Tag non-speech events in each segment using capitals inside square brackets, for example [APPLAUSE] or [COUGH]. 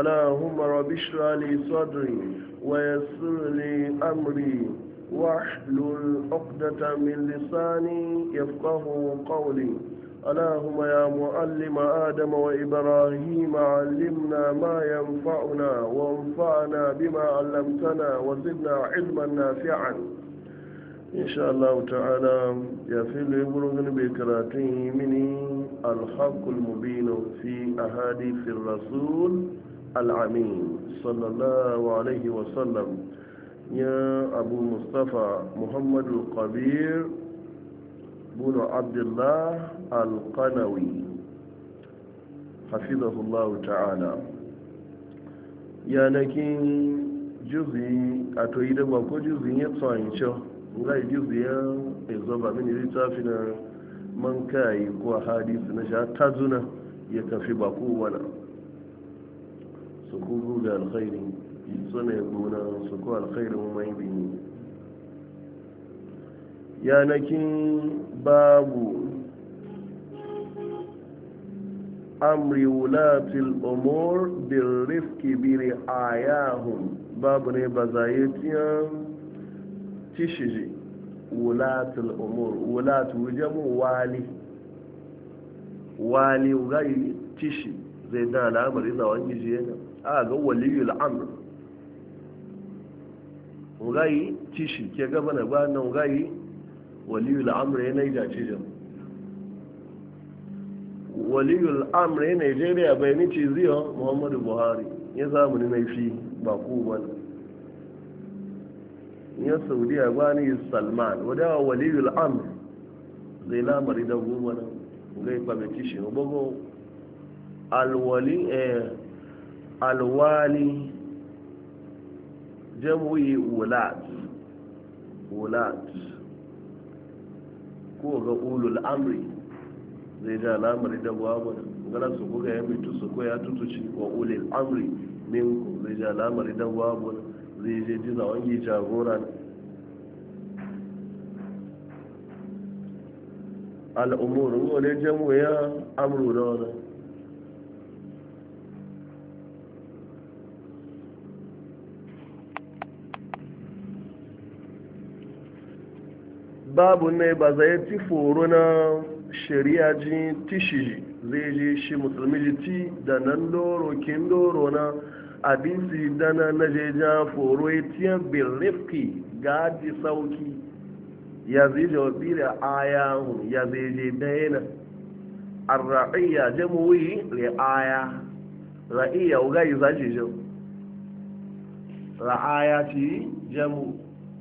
اللهم رب اشرح لي صدري ويسر لي امري واحلل عقدة من لساني يفقه قولي اللهم يا معلم آدم وإبراهيم علمنا ما ينفعنا وانفعنا بما علمتنا وزدنا علما نافعا إن شاء الله تعالى يفل يبرغن بكراته مني الحق المبين في أحاديث الرسول al’amin sallallahu alaihi wasallam ya abu mustapha muhammadu kabir Buna, abdullah al-qanawi hafizahullah ta'ala ya naki juzi a to yi dama ko juzi ya tsohonci ngai juzi ya izoba mini littafi na man kayi ko hadisi na sha ta ya tafi bakowar wadanda su kuru da alkhairi suna gona su ku alkhairin mai bini yanakin babu amri wulatil umur bin rifki biri ayahun babu ne ba zayetiyan tishiji wulatil umur wulat wujamu wali wali ugayi tishi zai da al'amari zawon gijiye Aga ga waliyul amr ugayi tishi ke gaba na ba na ugayi waliyul amr ya da cijin waliyul amr ya nigeria bai ni ciziyo muhammadu buhari ya samu ni mai fi ba ku wani ya saudi ba ni salman wadawa waliyul amr zai lamari da goma na ugayi kwamitishin bugu alwali eh alwali jam'i wulat wulat ko ga ulul amri zai ja al'amari da buwa gana su kuka ya mitu su ko ya tutuci wa ulil amri min ku zai ja al'amari da buwa zai je ji zawon yi jagora al'umuru wani ya amuru da wani babu ne ba zai ti foro na shari'a ji tishi zai ji shi musulmi ji ti da nan doro kin doro na abisi dana na jeja foro ya tiya ga ji sauki ya zai ji aya ayahu ya zai ji bayana arra'iyya jamuwi ri'aya ra'iyya ugai zaji jau ra'aya ti jamu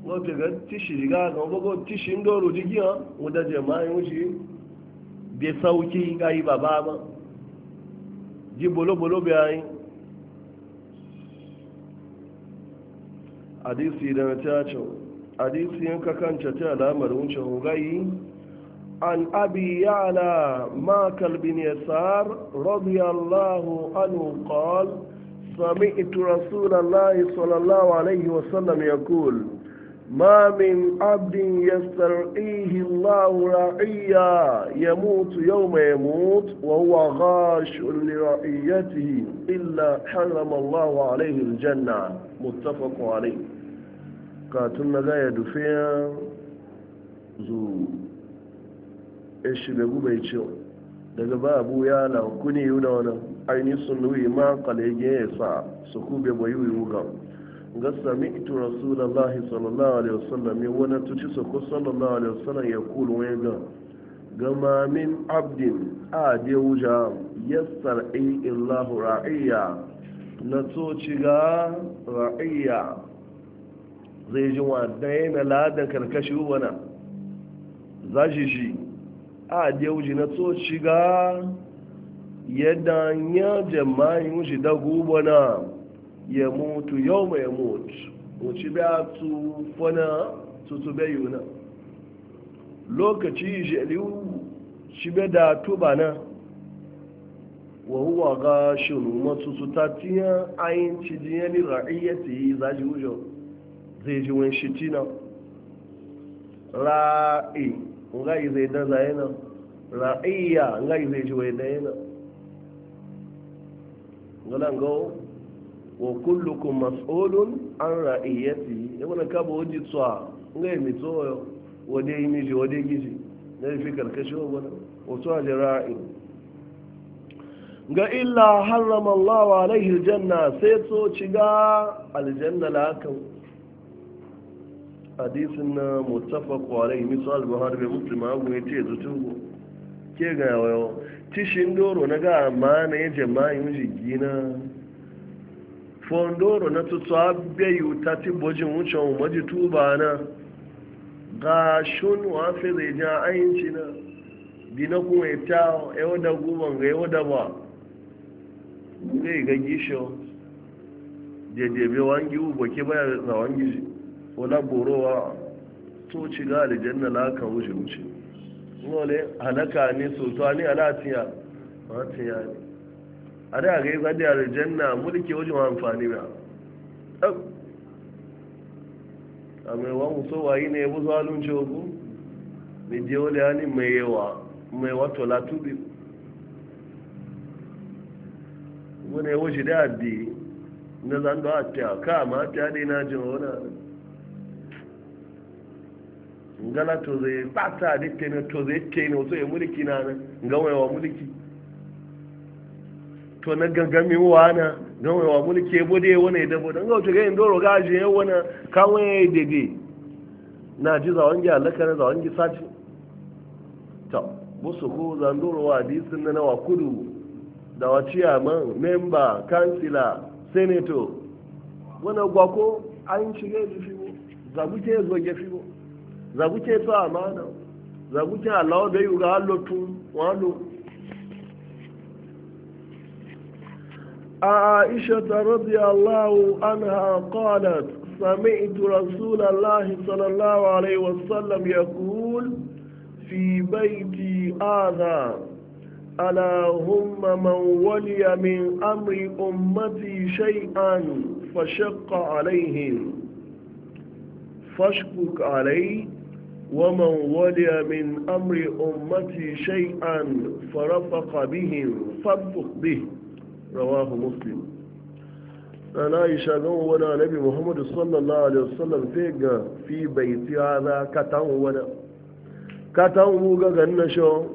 wọ́n fi gan tíṣì rí gan gan gbogbo tíṣì ń dọ̀rọ̀ jíjí hàn wọ́n dẹ̀jẹ̀ máa ń ṣe bí sáwùkí káyí bàbá mọ́ jí bolóbolo bí ayé hadisi ń na ń hadisi yanka kanca ta alamar wuce hungayi an abi ya'la makal bin yasar radiyallahu Sami qala سمعت رسول الله صلى wa عليه وسلم يقول ما من عبد يسترعيه الله رعيا يموت يوم يموت وهو غاش لرعيته إلا حرم الله عليه الجنة متفق عليه قاتلنا لا يدفع ذو الشباب بيتشو daga ba abu ya lankuni yi da wani ainihin sunuwi ma kalege ya sa su kube bayu yi wugan sami sami'tu rasulullahi sallallahu alaihi wasallam ya wani tuci sako sallallahu alaihi wasallam ya kulu wani ga gama min abdin a je wuja yassar illahu na toci ga Ra'ayya. zai ji daya na ladan karkashi wana za shi shi a je wuji na toci ga yadda ya jama'i wuji da gubana ya mutu yau mai mutu wuce biya tufana tutube yuna lokaci jeliyu shi bi da tuba na wahuwa ga shiru matutu ta tiya ayin cijiyar ni yi za ji wujo zai ji wani shi tina ra'i ngai zai da zai na ra'iyya ngai zai ji wani da yana galangawo wa kullukum mas'ulun an ra'iyati ya wani kaba waje tsuwa nga yi mito wade yi miji wade gizi na yi fi karkashi wa wani wasu a jira'in ga illa harrama Allah wa alaihi aljanna sai to ci ga aljanna lakan hadisin na mutafaq wa alaihi misal albuhari bai muslim abu ya ce zutungo ke ga yawa tishin doro na ga na ya jama'a yi miji gina fondoro na tutu abeyu ta ti bojin wucin maji tuba na ga shun wafe zai ja ayinci na bina kuma ya ta yau da guban ga yau da ba zai ga gisho jejjebe wangi ubo ke baya za wangi ji wala borowa to ci ga aljanna na laka wuce wuce wale halaka ne sultani ala alatiya ma ne a da ga yi zadi aljanna mulki wajen amfani ba a mai wa muso wayi ne bu zalun ku ni je wani hannun mai yawa mai wato latubi wani waje da addi na zan da ta ka ma ta dai na jin wani ngala to zai fata da ke na to zai ke ne wato ya mulki na nan ga wa mulki to na gangami wana don wa mulke bude wani da bude ga to ga indoro ga je wani kawo ya dede na ji zawon gi alaka na zawon gi saci to musu ko zandoro wa hadisin na wa kudu da wa chairman member councilor senator wani gwako an shige ji fibo zaguke zo ge fibo zaguke to amana zaguke alawo da yuga allotun walo عائشة رضي الله عنها قالت سمعت رسول الله صلى الله عليه وسلم يقول في بيتي هذا ألا هم من ولي من أمر أمتي شيئا فشق عليهم فاشكك عليه ومن ولي من أمر أمتي شيئا فرفق بهم فابفق به rawahu muslim sana aisha annabi muhammadu sallallahu alaihi wasallam sai ga fi baiti hada katan wani katan mu ga ganna sho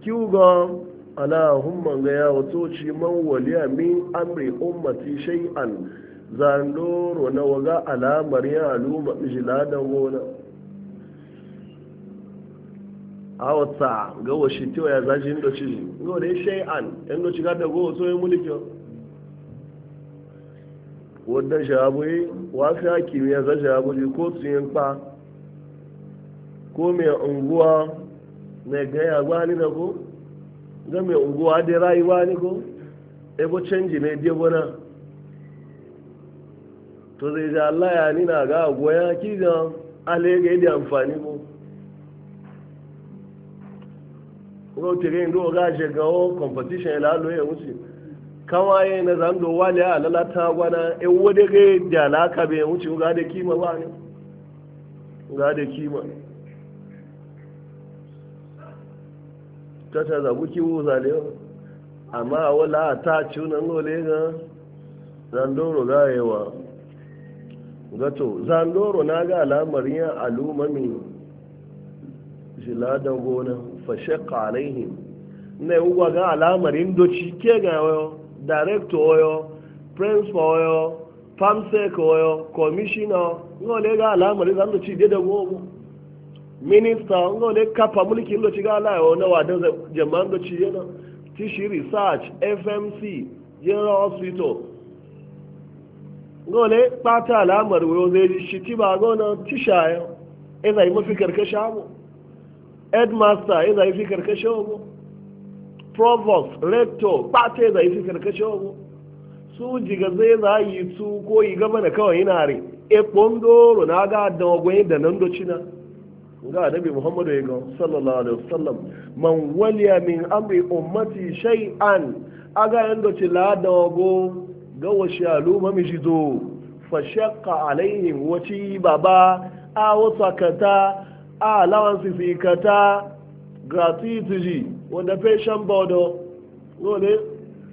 kiu ga allahumma ga ya wato ci man waliya min amri ummati shay'an zandoro na waga alamar ya aluma jiladan gona awata ga washi tiwa ya zaji ndo ci ishe an shay'an ndo ci gada go so yi mulki wadda shabu yi wa fi hakimi ya zaji shabu ji ko su yin kpa ko mai unguwa na gaya gwani da ko ga mai unguwa da rayuwa ni ko ebo canji ne dia bona to zai ji Allah ya nina ga goya kidan alega da amfani ko ngo tere ndo ga je ga o competition la lo e wuce kawaye na zando wale a lalata gwana e wode ge da la be wuce ga da kima ba ne ga da kima tata za guki wuza le amma wala ta cuna ngole ga zandoro ga yawa e, gato zandoro na ga lamarin alamarin alumamin jiladan gona fashaka alaihim na ugwa ga alamarin ndochi ke ga oyo director oyo principal oyo pamsec oyo commissioner ngo ga alamarin zan doci de da gogo minister ngo kapa mulkin ndochi ga ala yo na wadan jama'an ndochi yana tishi research fmc general hospital ngo le pata alamarin wo zai shi ti ba gona tisha yo ina mafi karkashin mu headmaster ya zai fi karkashin provost rector kpata ya zai fi karkashin ogo su jiga zai za yi su ko yi gaba da kawai yana re ekpo ndoro na aga da ogwai da na ndochina ga nabi muhammadu ya ga sallallahu alaihi wasallam man waliya min amri ummati shay'an aga yan doci la da ogo ga washi aluma mi fashaqa fa shaqqa alaihim wati baba a wasakata a allowance fi kata gratuity ji wanda pension board dole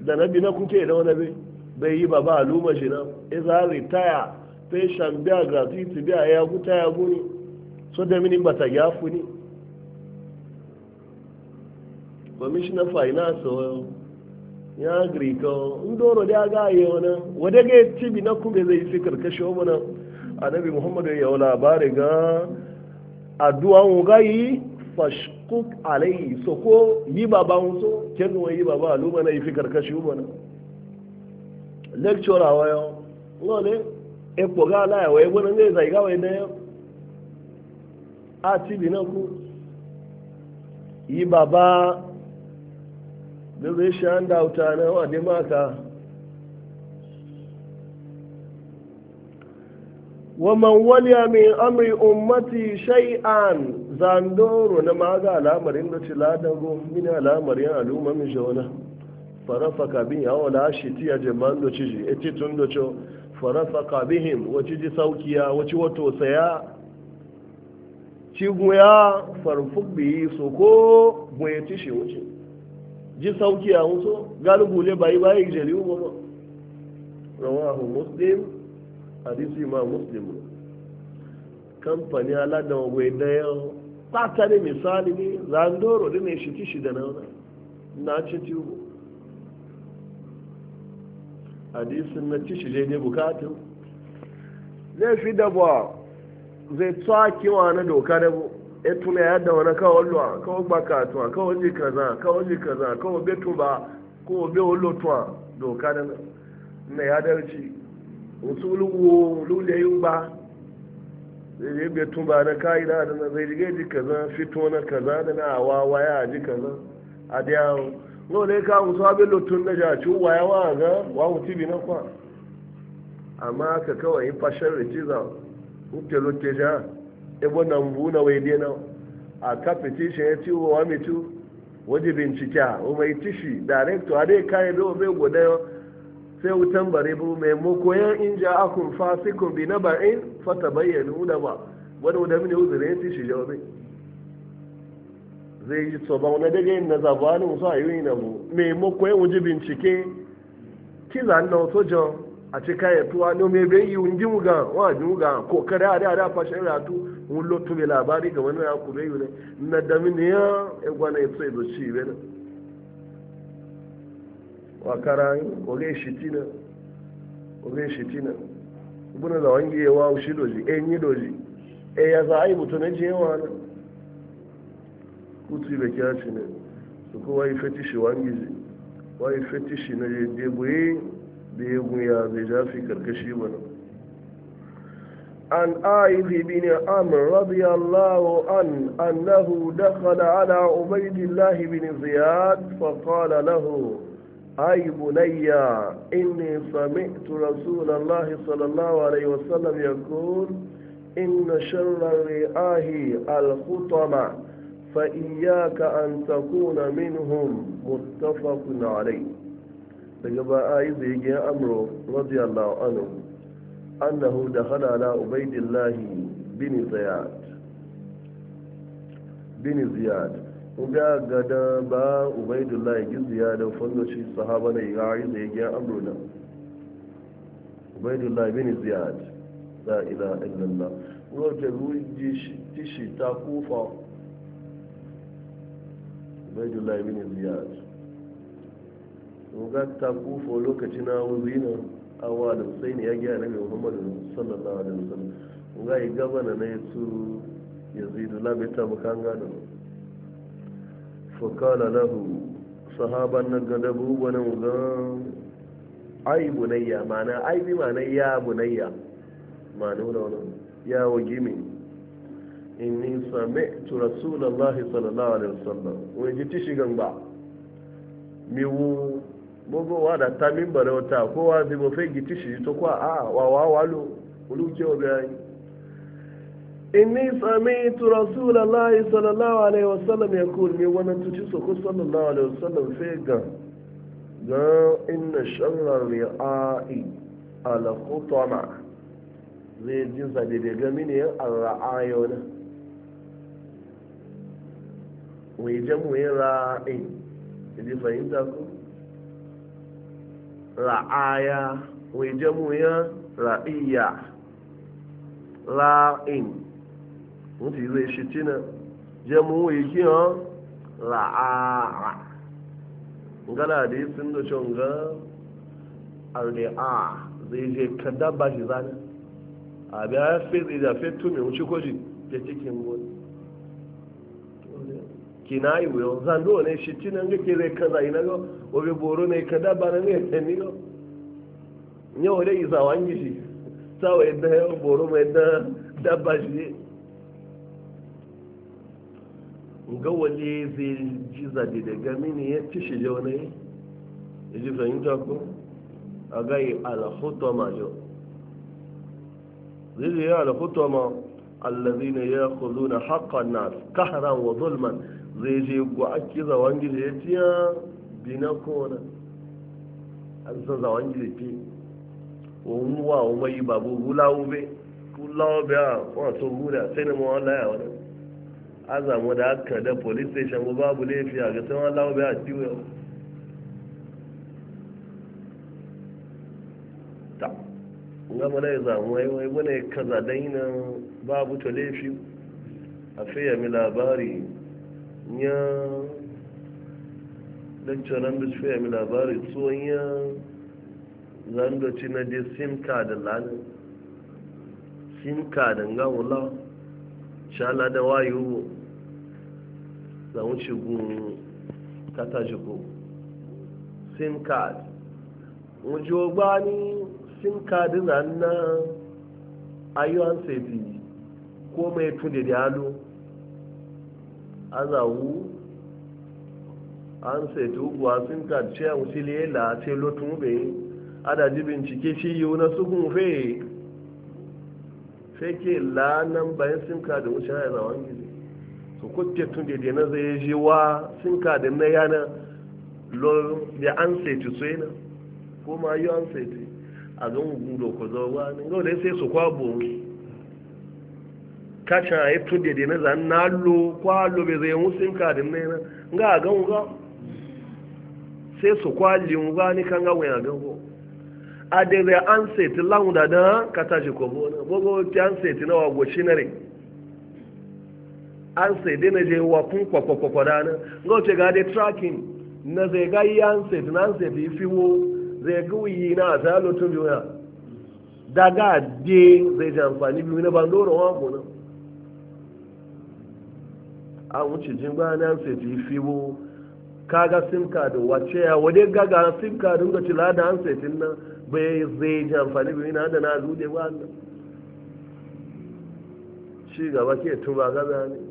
da na bi na kuke da wani bai bai yi ba ba aluma shi nan iza retire pension biya gratuity biya ya guta ya guni so da mini bata ya funi commissioner finance oil ya grika ndoro da ga yi wani wadda tibi na kuma zai fi karkashin wani annabi muhammadu ya wala labari ga addu'a mu gayi fashkuk alayhi so ko yi baba mu so ken wa yi baba lu bana yi karkashi mu bana lecture awayo ne? e ko ga la wa e bona ngai zai ga wa ne a ti bi na ku yi baba da zai shi an da na wa de maka waman waliya min amri ummati shay'an zandoro na maga al'amarin da ci ladago min al'amarin al'umma min shawana farafaka bin yawo la shi ti ya jaman da ci e ti tun da cho farafaka ji saukiya wace wato saya ci guya farfuk bi so ko guya shi wuce ji saukiya wuso galibule bayi bayi jeli ubo rawahu hadisi ma muslim kamfani aladan wai daya ta ne misali ne zandoro da ne shi kishi da nauna na ci tubu hadisin na ci je ne bukatu zai fi da ba zai wa na doka da bu e tuna da wani kawo luwa gbaka tuwa kawo ji kaza kawo ji kaza kawo betu ba kawon bewon lotuwa doka da na yadarci usulu wo lule yuba zai je tun na kayi da adana zai je ji kaza fito na kaza da na awa waya ji kaza a da no ne ka musu abin lotun na jaci waya wa ga wa mutu na kwa amma ka kawai in fashar da ciza mutu lotte ja ebo na mbu na wai dena a ka petition ya ci wa mitu waje bincike o mai tishi director a dai kayi da o bai godayo sai wutan bare bu mai ya in ja akun fasikun bi na ba'in fata bayyana da ba wani da mini uzuri ya tishi jawabi zai yi tsoba wani daga yin na zabanin musu a yi na mu. mai ya wuji bincike kila na wasu jan a cika ya tuwa ne mai bai yi wunji muga wa ji muga kokari a da fashe ratu wun lotu mai labari ga wani ya kuma yi ne na da ya gwana ya tsaye da shi bai wakarayi oge shitina oge shitina ibuna za wangi ya wa shi doji en yi doji e ya za a yi mutu na jewa na kutu ibe kira ci ne su ko wa yi fetishi wangi ji wa yi fetishi na je debuye da ya guya zai jafi karkashi bana عن عائذ بن an رضي الله عنه أنه دخل على عبيد الله ziyad fa فقال lahu أي بني إني سمعت رسول الله صلى الله عليه وسلم يقول إن شر الرئاه الخطمة فإياك أن تكون منهم متفق عليه فقبا آي بيجي أمره رضي الله عنه أنه دخل على عبيد الله بن زياد بن زياد ga gada ba ubaidullah ya gizu ya da fondoci sahaba na igari da ya gina amro amruna ubaidullah bin ziyad da ila illallah rote ruji tishi ta kufa ubaidullah bin ziyad ga ta kufa lokacin na na awa da sai ne ya na mai muhammadu sallallahu alaihi wasallam ga ya gabana na ya tsuru yazidu labita bukanga da mu fakala lahu sahaban na gada buwa nan ga ai bunayya mana ai bi mana ya bunayya mana wala wala ya waje min inni sami'tu rasulullahi sallallahu alaihi wasallam wani ji tishi gamba mi wu gbogbo wa da ta min wata kowa zai mafi gitishi to kwa a wawa wa walo olu ke obi إني سمعت رسول الله صلى الله عليه وسلم يقول من وانا تتسوك صلى الله عليه وسلم فيك لا إن شر الرعائي على قطمع زي الجنسة دي بيقامني الرعايون ويجمو رعائي دي فهمتكو رعايا ويجمو رعية رعين mutu zai shi tina jamu yi kiyan ra'a ngana da yi sun da cin ga arda'a zai je kada ba shi zane a biya fi zai da fe tu mai wuce kwaji da cikin gudu na yi wuyo zando ne shi tina ga ke zai kaza yi na ga obi boro ne kada ba na ne ya ni ga yau dai isa wangi shi sawa yadda boro mai dabba shi ga wale zai ji zade daga ne ya ci shi jona ne ya ji fahimta ko a gai ma jo. zai zai alhutama allazi ne ya kuzo na haƙa na kaharan wa zulman zai je gwa ake zawon gida ya ciya bina kona an san zawon gida ke wani wa wani babu hula ube hula ube a wato hula sai na mawala ya wani azamu da aka da police station ko babu laifi a ga san Allah ba a ciwo ta nga mana ya zamu wai wai mana ya kaza daina babu to laifi a fiye mi labari ya lecturer da fiye mi labari tsohon ya zandoci na dai sim card lanin sim card nga wula shala da wayo za wuce gun katajiko sim card wujo gbani sim card na na ayyuan sefi ko mai tunde da halu azawu an sefi ugwa sim card ce a wusile la ce lotun da ji bincike shi yiwu na sugun fe ke la nan bayan sim card wuce haya zawon so ko tetun de na zai je wa sun ka da na yana lo da an sai tu sai na ko ma yi an sai tu a ga mu ko zo wa ne ga sai su kwabo kacha ai tun de na zan na lo kwa lo be zai mu sun ka da na ga ga ga sai su kwali mu ga ni kan ga wani ga ko adere anseti lawun dada kata shi ko bo na bogo ti anseti na wa go shinare an sai na je wa kun kwakwakwakwa da nan ga ce ga dai tracking na zai ga yi an na an sai bi fi wo zai ga wuyi na a ta lotun juna daga de zai ji amfani biyu na bandoro wa gona a wuce jin ba na an sai bi kaga sim card wace ya wade gaga sim card ga ci lada an sai tin nan bai zai ji amfani biyu na da na zude ba shi gaba ke tuba gaza ne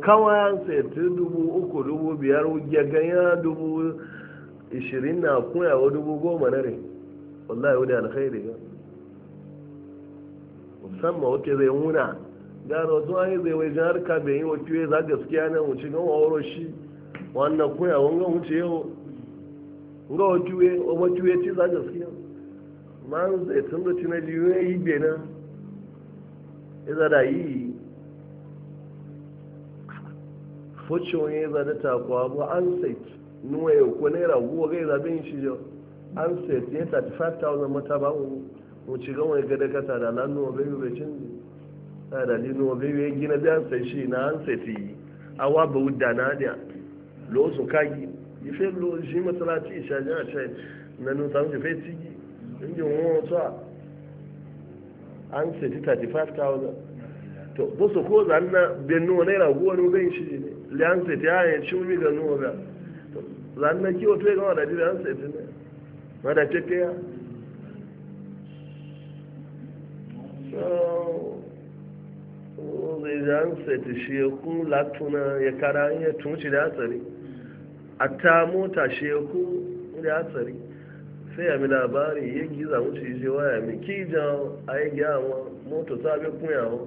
kawai saitin dubu uku dubu biyar gaganya dubu ishirin na kuyawa dubu goma na rai wallahi wani alkhairi ga musamman wace zai wuna gano zuwa yi zai wai jihar kabe yi wata yi za gaskiya yanar wuce gan wawaro shi wannan kuyawa ga wuce yau ga wata yi ci za gaskiya ma'an zai tun da ci na jiyoyi benin iza da yi focin ya yi zane takwa bu an nuwa ya ko naira ga ya zaɓe shi jau an ya 35,000 mata ba mu mu ci gama ya gada kasa da lan nuwa bai bai e canji na da li nuwa bai bai gina shi na an yi awa ba wudda na da kagi yi fe lo shi matsalaci isha jan a cai na nusa mu fe cigi injin wani wasu an set 35,000 to bosu ko zanna naira ne bai lancet ya yi cumi ga nura ranar kiwo to ya gama da jiri lancet ne ma da cike ya zai lancet shi ya kun latuna ya kara ya tunci da hatsari a ta mota shi ya kun da hatsari sai ya mi labari ya giza wuce shi waya mai kijan a yi gyawa mota ta bi kunyawa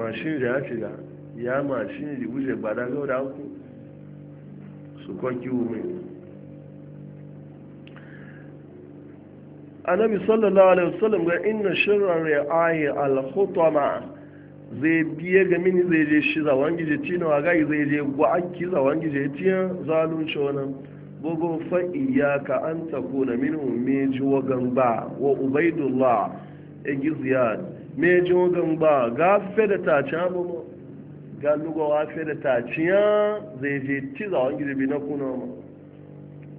mashin da ya ci ya e mashin da wuce ba da gauda ku su kwanki wumi annabi sallallahu alaihi wasallam ga inna shirra ri'ayi al-khutama zai biye ga mini zai je shi za wangi je tina wa gai zai je gwaki za wangi je tina zalunci wannan bugu fa iyyaka an takuna minhum meji wa gamba wa ubaidullah e me jogan ba ga fe da tace mu ga lugo wa da taciya zai je ci za wangi na kuna ma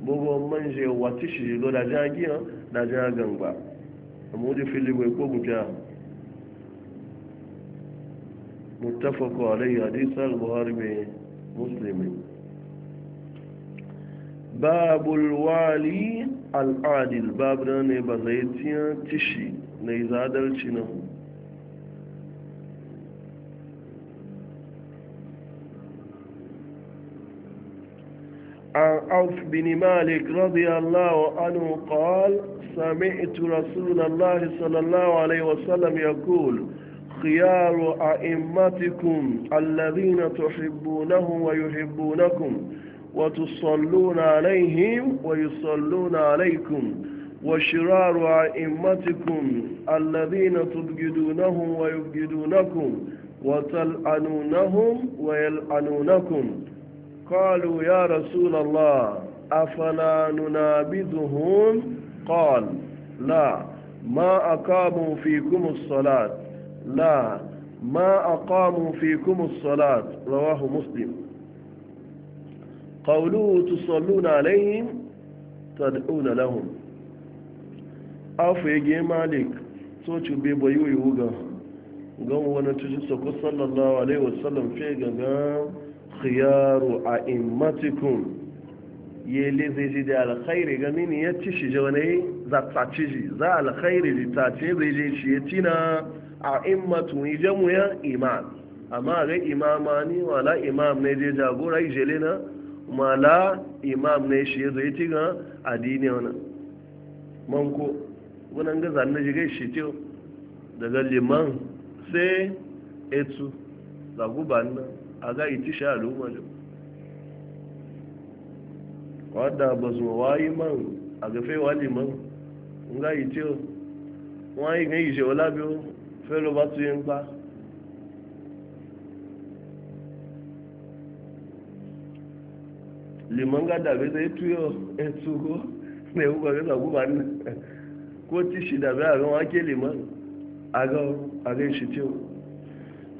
bugo man je wati shi lo da jagiya da jagan ba mu fili bai ko guja متفق عليه حديث البخاري ومسلم باب الوالي العادل باب ne ba zai tiyan tishi na izadalci nan عوف بن مالك رضي الله عنه قال سمعت رسول الله صلى الله عليه وسلم يقول خيار أئمتكم الذين تحبونهم ويحبونكم وتصلون عليهم ويصلون عليكم وشرار أئمتكم الذين تبجدونهم ويبجدونكم وتلعنونهم ويلعنونكم قالوا يا رسول الله أفلا ننابذهم قال لا ما أقاموا فيكم الصلاة لا ما أقاموا فيكم الصلاة رواه مسلم قولوا تصلون عليهم تدعون لهم أفيجي مالك سوچو بيبويو يوغا غو وانا تجي سكو صلى الله عليه وسلم فيغا غام khiyaru a immatikun ye leze ji da alkhairi gani ne ya ci shi jaune za ta ci ji za alkhairi ji ta ce zai je shi ya ci na a immatun yi jamu ya imam amma ga imama ni wala imam ne je jagora yi jele na mala imam ne shi ya zai ci ga adini wani manko wani ga zanne ji gai shi ce daga liman sai etu ba nan a ga iti sha al'umma da wadda ba su wayi man a gafe wali man n ga iti o wọn yi gan ìṣe ọlábí o fẹ́ ló bá tún yẹn pa liman ga dabe zai tuyo ya tsugo mai hukwa ga sabu ne. ko ti shi dabe a gan wake liman a ga shi ciwo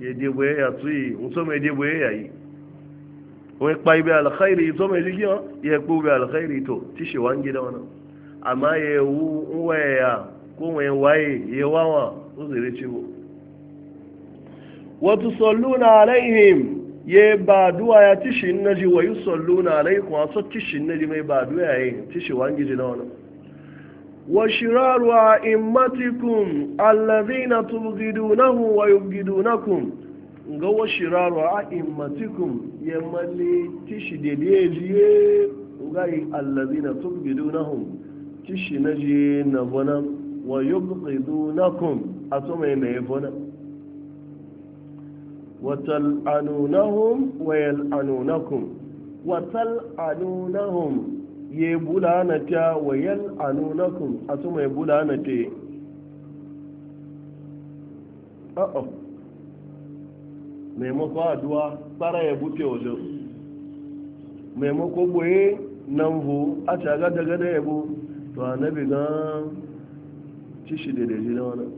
ya je boyayya tsuyi mutum mai je boyayya yi wani kpai bai alkhairi to mai jiki ya kpu bai alkhairi to ti shi wa gida wani amma ya wu waya ko mai waye ya wawa uzuri ci bu watu salluna alaihim ya ba duwa ya tishi naji wa yi salluna alaikum a so tishi naji mai ba duwa ya yi tishi wa gidi na وشرار أئمتكم الذين تبغدونه ويبغدونكم غو شرار أئمتكم يملي تشديديه غاي الذين تبغدونهم نجي نبنا ويبغدونكم أتومي نيفنا وتلعنونهم ويلعنونكم وتلعنونهم ya bula na ta wa yal anunakun a su mai bula na ta a'a maimako aduwa tsara ya bufe wajen maimako boye nan bu a shaga daga da yabo to annabi gan ci shi da daji na wani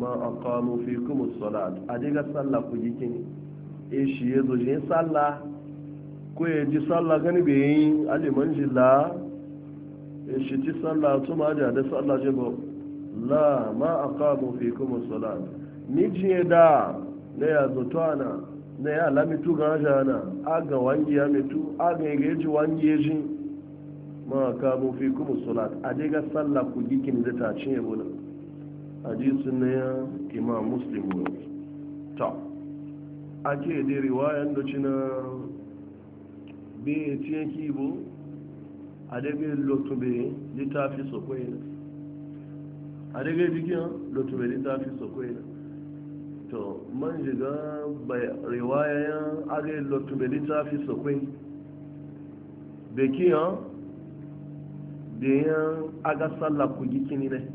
ma aqamu fikum as-salat adiga sallah ku jikin e shi yazo je sallah ko ya ji sallah gani be yin man jilla e shi ji sallah to ma ja da sallah je go la ma aqamu fikum as-salat ni ji da ne ya zo to ana ne ya lami tu ga ana aga wangi ya tu aga ga ji wangi ya ji ma aqamu fikum as-salat adiga sallah ku jikin zata ta ce bula hadisin na ya imam muslim ta ake da riwayan da cina bai tiye kibo a daga lotube littafi sokwai a daga jikin lotube littafi sokwai to man jiga shiga ya aga lotube littafi sokwai da kiyan da yan aga sallah kogi kini ne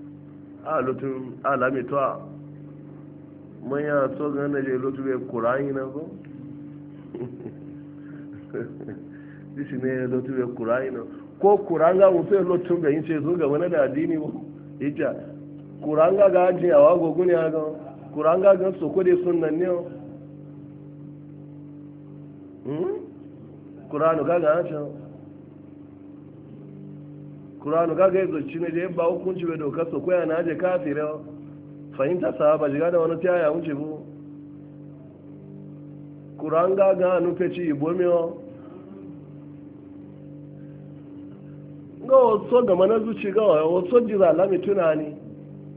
a lotun alamito a manya so gan na je lotu be kurayi na ko disi [LAUGHS] ne lotu be kurayi na ko kuranga mutu ya lotun ga yin ce zo ga wani da addini ba ita kuranga ga aji a wago gune a gan kuranga ga so ko dai sunnan ne kuranu hmm? ga ga aji kuranu kaga ya zoci ne da ba hukunci bai doka so koya na je kafira fahimta sahaba shiga da wani tiyaya wuce bu kuran gaga nufe ci ibo miyo ga wasu gama na zuci ga wasu jira lami tunani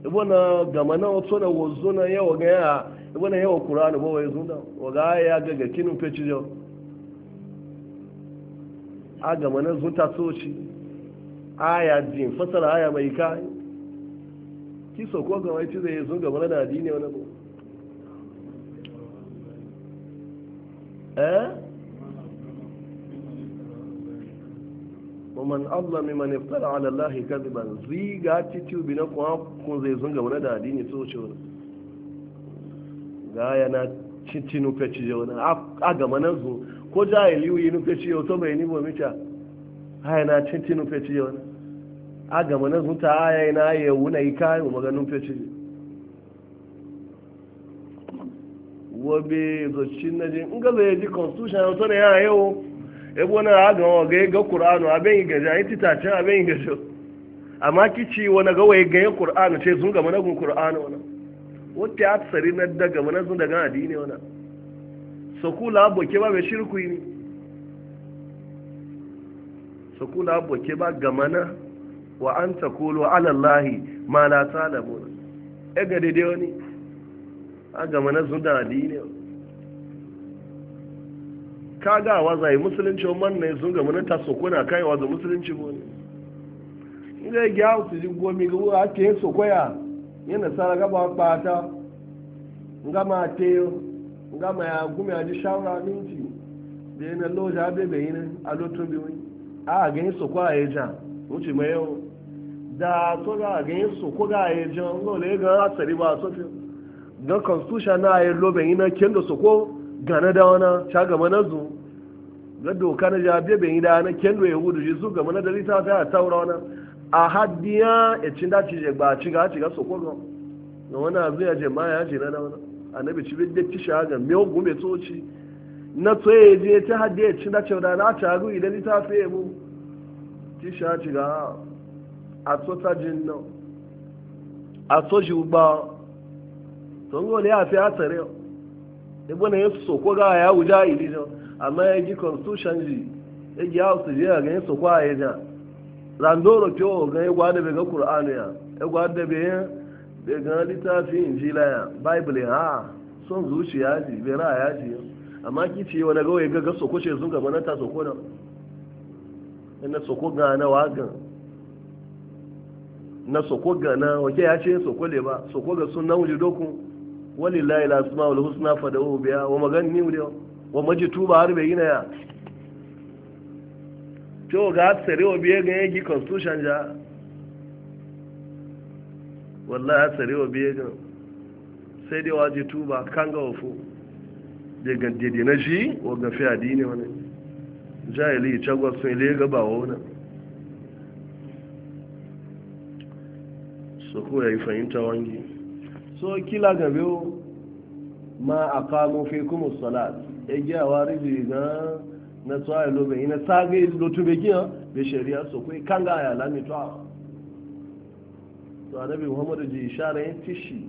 ibo na gama na wasu da wasu na yawa ga ya ibo na yawa kuranu ba wai zuna waga ya gaga kinu fe ci jau a gama na zuta soci aya jin fasara aya mai kai Kiso ko ga wai zai zo gaba na addini wani eh ومن أظلم ممن افترى على الله كذبا زيغا تيتيو بنكو كون زي زونغا ولا دا ديني سوشو غايا نا تشتينو كتشيو نا اغا منزو كو جاهليو ينو ni تو بيني ta? haya na cin tinu feci wani a gama na zunta haya na ya wuna yi kayan maganin feci wabe zocin na jin ga zai ji constitution ya wuta na yana yau ebo na a gama ga ga kur'anu abin yi gaja yi titacen abin yi gaja amma kici wani gawaye ganyen kur'anu ce sun gama na gun kur'anu wani wata ya tsari na daga mana sun daga adini wani sokula abokin ba mai shirku ne su kula boke ba gamana wa an ta kolo alallahi ma la ta lamu e ga daidai wani a gamana sun da adini ka ga waza yi musulunci man ne sun gamana ta sokuna kai waza musulunci mu ne ga ya su gomi ga wuwa ake sokoya yana sara gaba bata ngama teyo ngama ya gumi aji shawara minti da yana loja bebe yana a lotun biyu a ga yin sokwa a yi jan ma mai yau da to ga ga yin sokwa ga a yi jan lole ga asali ba so fi ga constitution na yi lobe yi na kendo soko gana da wana cha gama na zu ga doka na jabe ben yi da na kendo ewu ji su gama na da lita ta taura wana a ha e cin da ci je ba ci ga ci ga soko ga na wana zuya je ma ya ce na da na annabi ci bi da ci sha ga me gume tsoci na tsoye je ta hadde ci da cewa na ta ru idan ta fe mu ti sha ci ga a to ta jin no a to ji ba to ngo le a fi a tare e bona yesu ko ga ya uja ili no amma ya ji constitution ji e ji house je ga yesu ko a ya randoro to ga ya gwada be ga qur'ani ya ya gwada be be ga littafin injila ya bible ha son zuciya ji be ya ji amma kici wani gawai ga gaso ko ce sun gaba na ta soko na na soko ga na wagan na soko ga na wake ya ce soko le ba soko ga sun na wuje dokun walillahi la asma wal husna fadawu biya wa maganni wuri wa maji tuba har bai gina ya to ga tsare wa biye ga yake constitution ja wallahi tsare wa biye ga sai dai waje tuba kan ga wofu daga dede na shi wa gafi adini wani jahili cagwas sun ile gaba wa wani so ko ya yi fahimta wangi so kila gabe ma a kamo fi kuma salat ya gya wa riji na na tsawa lobe ina tsage lotu be giya da shari'a so kai kan ga ya lami to So anabi muhammadu ji shara yin tishi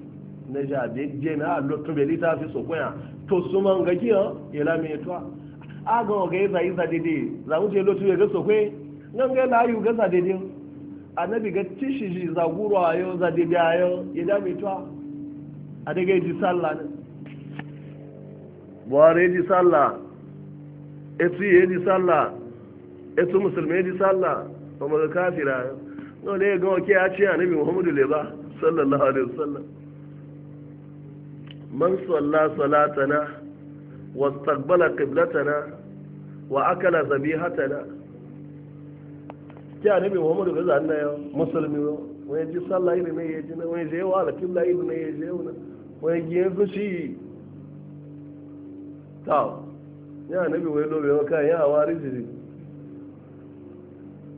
na jabe je na lotu be litafi so to suma nga kiyo yela me to a ga ga iza iza dede za mu je lotu ga so kwe nan ga la yu ga za a na ga tishi ji za guru ayo za a yau, yela me to a daga ji sallah ne buhari ji sallah etu ye ji sallah etu musulmi ji sallah kamar kafira no le ga ke a ce annabi muhammadu le ba sallallahu alaihi wasallam من صلى صلاتنا واستقبل قبلتنا واكل ذبيحتنا يا نبي محمد muhammadu الله عنه ya ويجي wani ji sallah irin ne ya ji na wani je wa alqibla irin ne ya je na wani ta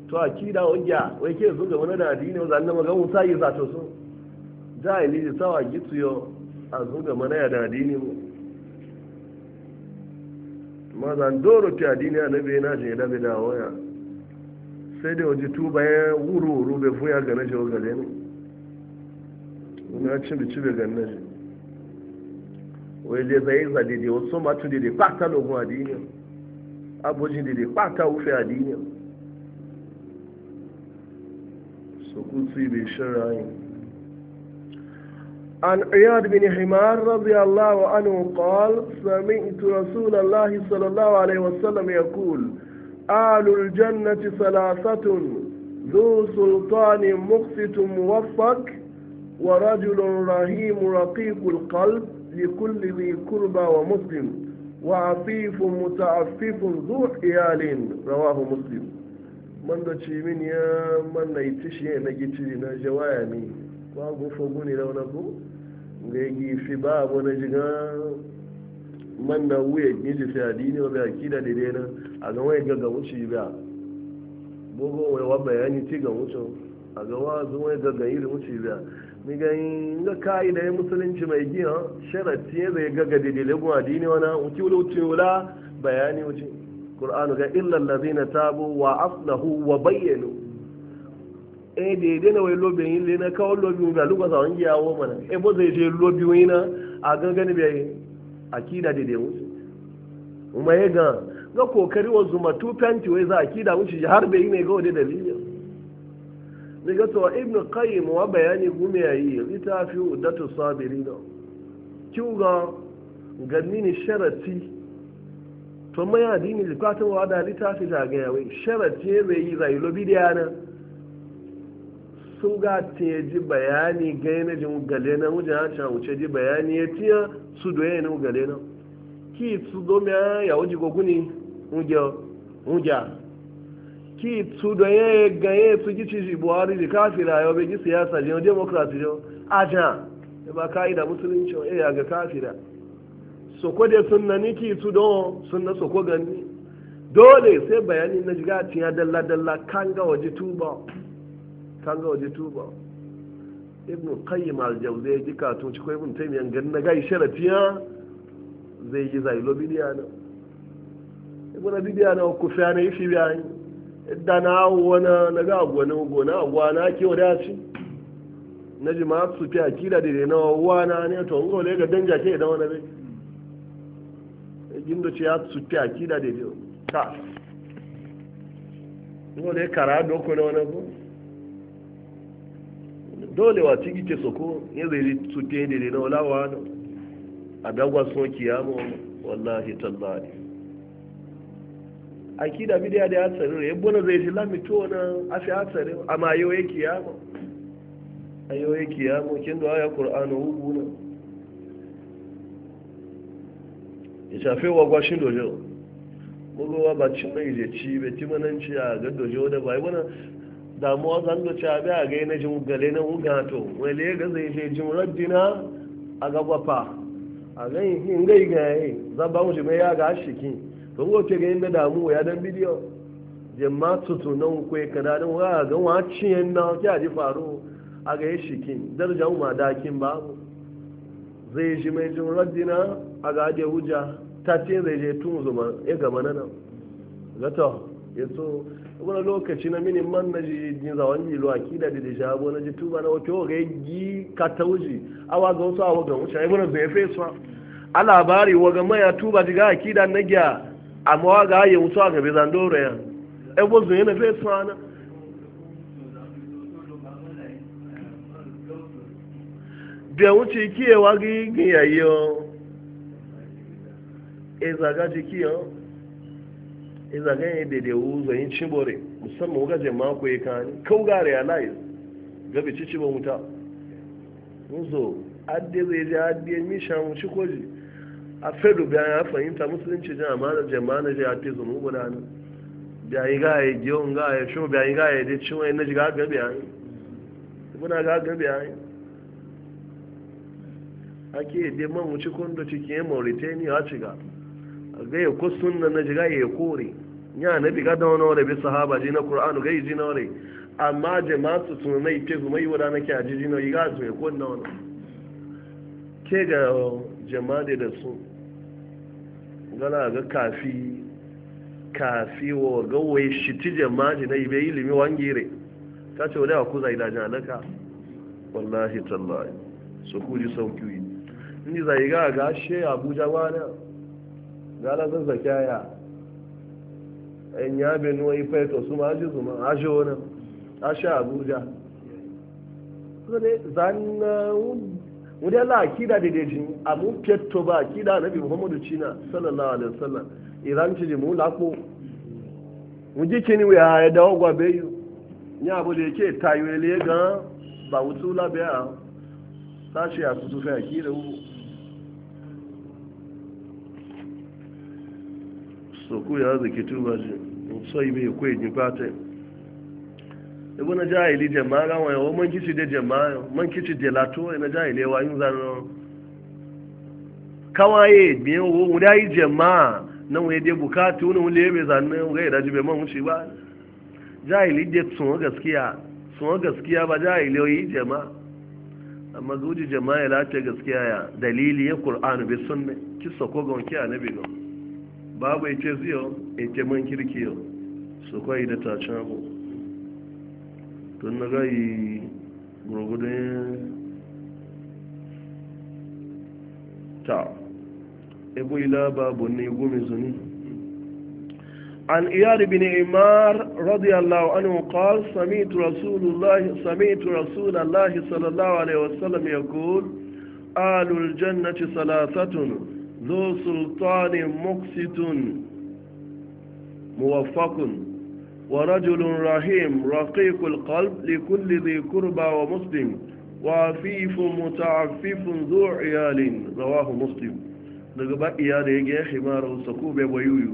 to akida wajja wai ke ga wani da addini zanna maga musa yi zato so jahili sawa yau. a ga mana ya da adini mu ma zan doro ta adini nabi yana jin da bai da waya sai da waje tuba ya wuru wuru bai fuya ga nashi wa gare ni na cin cibi bai gan nashi wai zai zai zai da wasu matu da kwata lokun adini abuji da kwata wufe adini su kutu bai shirin عن عياد بن حمار رضي الله عنه قال سمعت رسول الله صلى الله عليه وسلم يقول آل الجنة ثلاثة ذو سلطان مقسط موفق ورجل رحيم رقيق القلب لكل ذي قربى ومسلم وعفيف متعفف ذو حيال رواه مسلم من دا من يا من نيتشي نجيتشي نجواني babu foguni ne launa ko ga yi gifi ba abu na jiga man na wuya ni ji fi adini wa biya kida da dai na a ga wani gaga wuce ba gogo wai wa bayani ti ga wuce a ga wa zuwa gaga da wuce biya mi ga yi ga kayi da musulunci mai giya sharati ya zai gaga da dai gun adini wana wuce wuce wula bayani wuce qur'anu ga illal na tabu wa aslahu wa bayyanu E eh daidai na wai lobe yin le na kawo lobe yin galu kwasa wani yawo mana eh bo zai je lobe yin na a gangani bai akida daidai musu kuma ya ga ga kokari wa zuma tu fenti wai za akida mushi har bai yi mai ga wani dalilin ne ga to ibn qayyim wa bayani gume yayi litafi uddatu sabirina kiuga ganni ni sharati to mai adini likwatan wa da litafi da ga yayi sharati bai yi zai lobi da yana sun ga ta ji bayani gai na jin gale na mujin hacha wuce ji bayani ya tiya su doye na gale na ki su domi ya wuji goguni mujia ki su doye gaye su ji ci buhari da kafira ya bai ji siyasa ji demokrasi a aja ya ba ka'ida musulunci eh ya ga kafira soko da sunna niki su don sunna soko gani dole sai bayanin na jiga tiya dalla dalla kan ga waje tuba kanga waje tuba ibn qayyim al-jawziyya dika tun ci ko ibn taymiyyah gan na gai sharafiya zai yi zai lobidiya na ibn bidiya na ku fa na yifi biyan da na wana na ga gona gona gwana ke wada ci na ji ma su fi akida da na wana ne to ngo le ga danja ke da wana be gindo ci ya su fi akida da ka ngo le kara doko na wana ko dole wa ciki soko ya zai su te da na wala wa no a dagwa so kiyama wallahi tallahi akida bidiya da hatsari ne ya na zai ji lami to na afi hatsari amma yau ya kiyama yau ya kiyama kin da aya qur'anu hubuna ya shafe wa gwashin dojo mugowa ba cin mai je ci be mananci a ga dojo da bai damuwa zan da cabe a gai na jin gale na wugato wale ga zai je jin raddina a gagwafa a gai in gai ga yi zan ba mu shi ya ga shiki to ko ce ga inda damu ya dan bidiyo jama tutu nan kwe kana dan wa ga wa ciyen na ki a ji faru a gai shiki daraja ma dakin babu zai ji mai jin raddina a ga je hujja ta ce zai je tun zuma ya gaba nan gato yaso wani lokaci na mini man na jirgin zawon jilo a kida da deja abu na jituba na wato ga yi katauji a ga wasu a ga wuce ai wani zai fesuwa a labari waga a tuba jiga a kida na gya a wa ga yi wuce a gabe zandoro ya ai wasu yana fesuwa na da wuce kiyewa gini yayi yau e zagaji kiyewa iza ganye daidai wuzo zayin cibore musamman gajen mako ya kani kaugare ya layi gabi ci cibon wuta wuzo adde zai ji adde misha mu ci koji a fedu bayan ya fahimta musulunci jan amana jama'a ji adde zumu guda nan bayan ga ya giyon ga shi bayan ga ya dai ciwon na jiga ga bayan ga ga ake man mu ci kondo Mauritania a ga ya ko sunna na jiga ya kore ya na biga da wani wani bi sahaba ji na qur'anu ga ji na wani amma jama'atu sunai ke zuma yi wadana ke ajiji na yi gaji mai ya ko na wani ke ga jama'a da su gana ga kafi kafi wa gawai shi ti jama'a na yi bai ilimi wangire ka ce wadai ku zai da janaka wallahi tallahi su kuji sauki ni zai ga ga abuja wani gara zan zaki aya in ya nuwa yi faito su ma ji zuma a shi wani a shi abuja zanna wani ala akida da dejin a mu fetto ba akida na bi muhammadu cina sallallahu alaihi wasallam iran ci mu lako mu ji kini wuya ah, ya dawo gwa beyu ni abu da yake tayo ile ga ba wutu labe a sashi a tutu fa akida ubu soko ya zaki tuba ji sai mai kwe ni pate ebo na jahili jamaa gawa wa man kici da jamaa man kici da lato na jahili wa yin zanen kawaye biye wo yi jamaa na wo de bukatu ne wule mai zanen ga yi jibe man shi ba jahili de tsohon gaskiya tsohon gaskiya ba jahili yi jamaa amma zuji jamaa ya lafiya gaskiya ya dalili ya qur'anu bi sunna kisa ko gonki na bigon babu ya ce ziyo ya ce man kirki yau su kwa yi da ta can abu tun na gayi gurgudun ta ebu ila babu ne gumi zuni an iyari bi ne imar radiyallahu an wukar samitu rasulallah sallallahu alaihi wasallam ya kuhu alul jannati salasatunu ذو سلطان مقسط موفق ورجل رحيم رقيق القلب لكل ذي قربى ومسلم وعفيف متعفف ذو عيال رواه مسلم daga baƙiya da ya gaya himarar sako bai bayuyu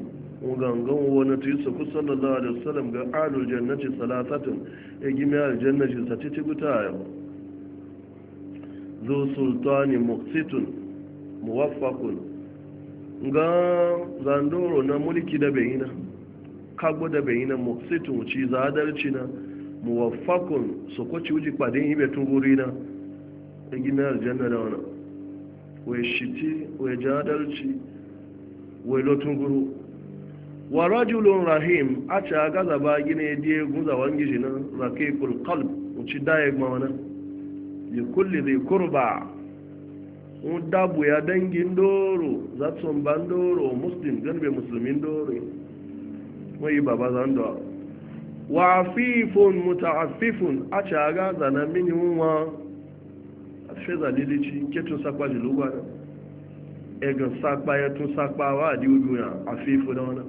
gangan wani tuyi sako sallallahu alaihi wasallam ga adul jannati salatatun ya gimi aljannati sati ci guta a sultani muqsitun muwaffaqun ga zandoro na mulki da bayina kago da bayina mu situ ci zadarci na muwaffaqun su ko ci uji kwadin ibe tunguri na gina aljanna da wana wai shiti wai jadalci wai guru wa rajulun rahim a ci a gaza ba gina ya diye gunza wangi shi na rakai kulkal mu ci daya ma ya kulle kulli zai kurba dabu ya dangin doro zatsun ban doro muslim ganbe musulmin doro wai baba zan da wa muta muta'affifun a caga zana mini wa a fi zalilici ke tun sakpa ji na egan sakpa ya tun sakpa wa a diwu duniya a fifu da wani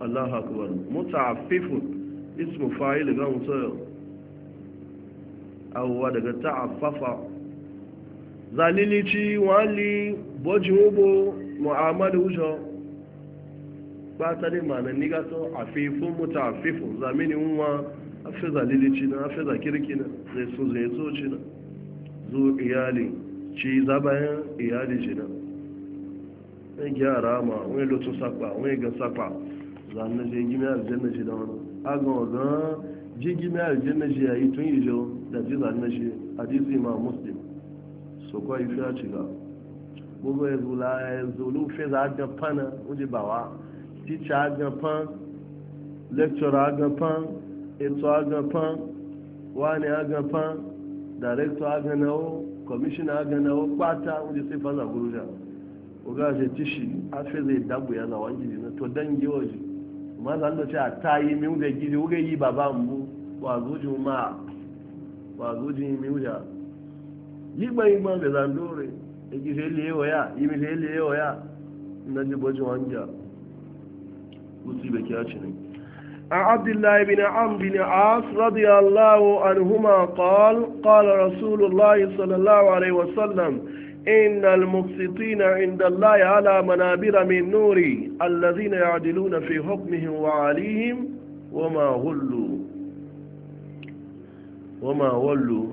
allah akubar muta'affifun ismu fa'il ga mutu awwa daga ta ta'affafa zalilici wali boji hubo mu'amadu wujo ta ne ma na niga to afifun muta afifun zamini nwa afi zalilici na afi zakirki na zai su zai tsoci na zo iyali ci zabayan iyali jina wani gyara ma wani lotu sapa wani ga sapa zanen jirgin ya aljanna jina wani agon gan jirgi na aljanna shi yi tun yi jau da jiza na shi a hadisi ma muslim so kwa fi a cika gbogbo ya zula ya zulu fi za a gafa na wuje bawa teacher a gafa lecturer a gafa eto a gafa wani a gafa director a o commissioner a o kwata wuje sai faza guruja oga ce tishi a fi zai dagbo ya zawa jiri na to dangi waje ma zan da cewa ta yi mi wuga gidi wuga yi baba bu wa zuji ma wa zuji mi wuga yi ba yi ma ga zan dore e gi le yo ya yi mi le le yo ya na ji boji wanja usi be kiya cinin عن عبد abdullahi bin am bin عاص رضي الله عنهما ma قال رسول الله صلى الله إن ya عند الله على منابر من نور الذين يعدلون في حكمهم وعليهم وما غلوا وما ولوا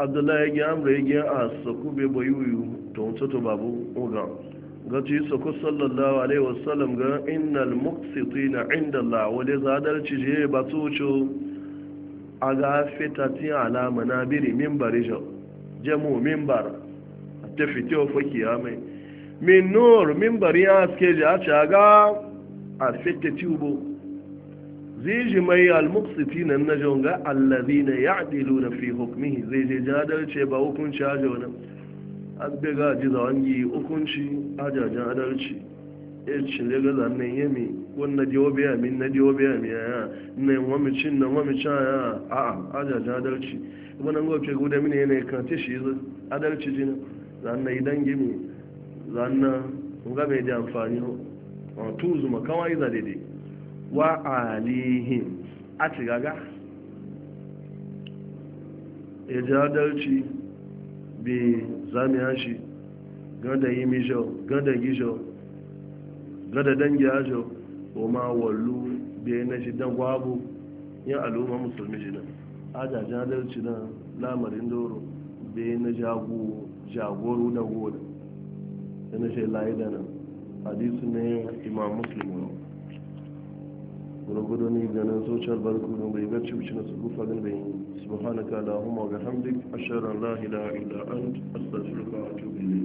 عبد الله يجي أمر يجي أسكو ببيويو تونسة بابو أغام gaci sako sallallahu alaihi wasallam ga innal muqsitina inda Allah wale zadarci je ba tsoco a ga fitatin alama na biri min jamu mimbar a ta fito faki ya mai min nur mimbar ya haske ji a caga a fita tubo zai mai almuksiti nan na jonga allazi na ya ɗilu na fi hukmihi zai je jadarce ba hukunci haja wani an bega ji zawangi hukunci jajen adalci ya cin daga zanen yami ko na diwo biya min na diwo biya mi ya na wami cin na wami cha ya a a aja ja adalci wani ngo ke guda mini ne kan ti shi adalci jin zanna idan gimi zanna nga mai da amfani ho a tuzu ma kawai iza dede wa alihim a ti gaga ya ja adalci bi zamiya shi gada yi mijo gada gijo gada dangi ajo ko ma wallu bai na shi dan gwabo yin al'umma musulmi shi nan ajajen adalci nan lamarin doro bai na jagoro da goda da na shi layi da nan hadisu ne imam muslim gurgudu ne ganin social barkunan bai ga cibici na su rufa gan bai subhanaka allahumma wa bihamdik ashhadu an la ilaha illa ant astaghfiruka a cikin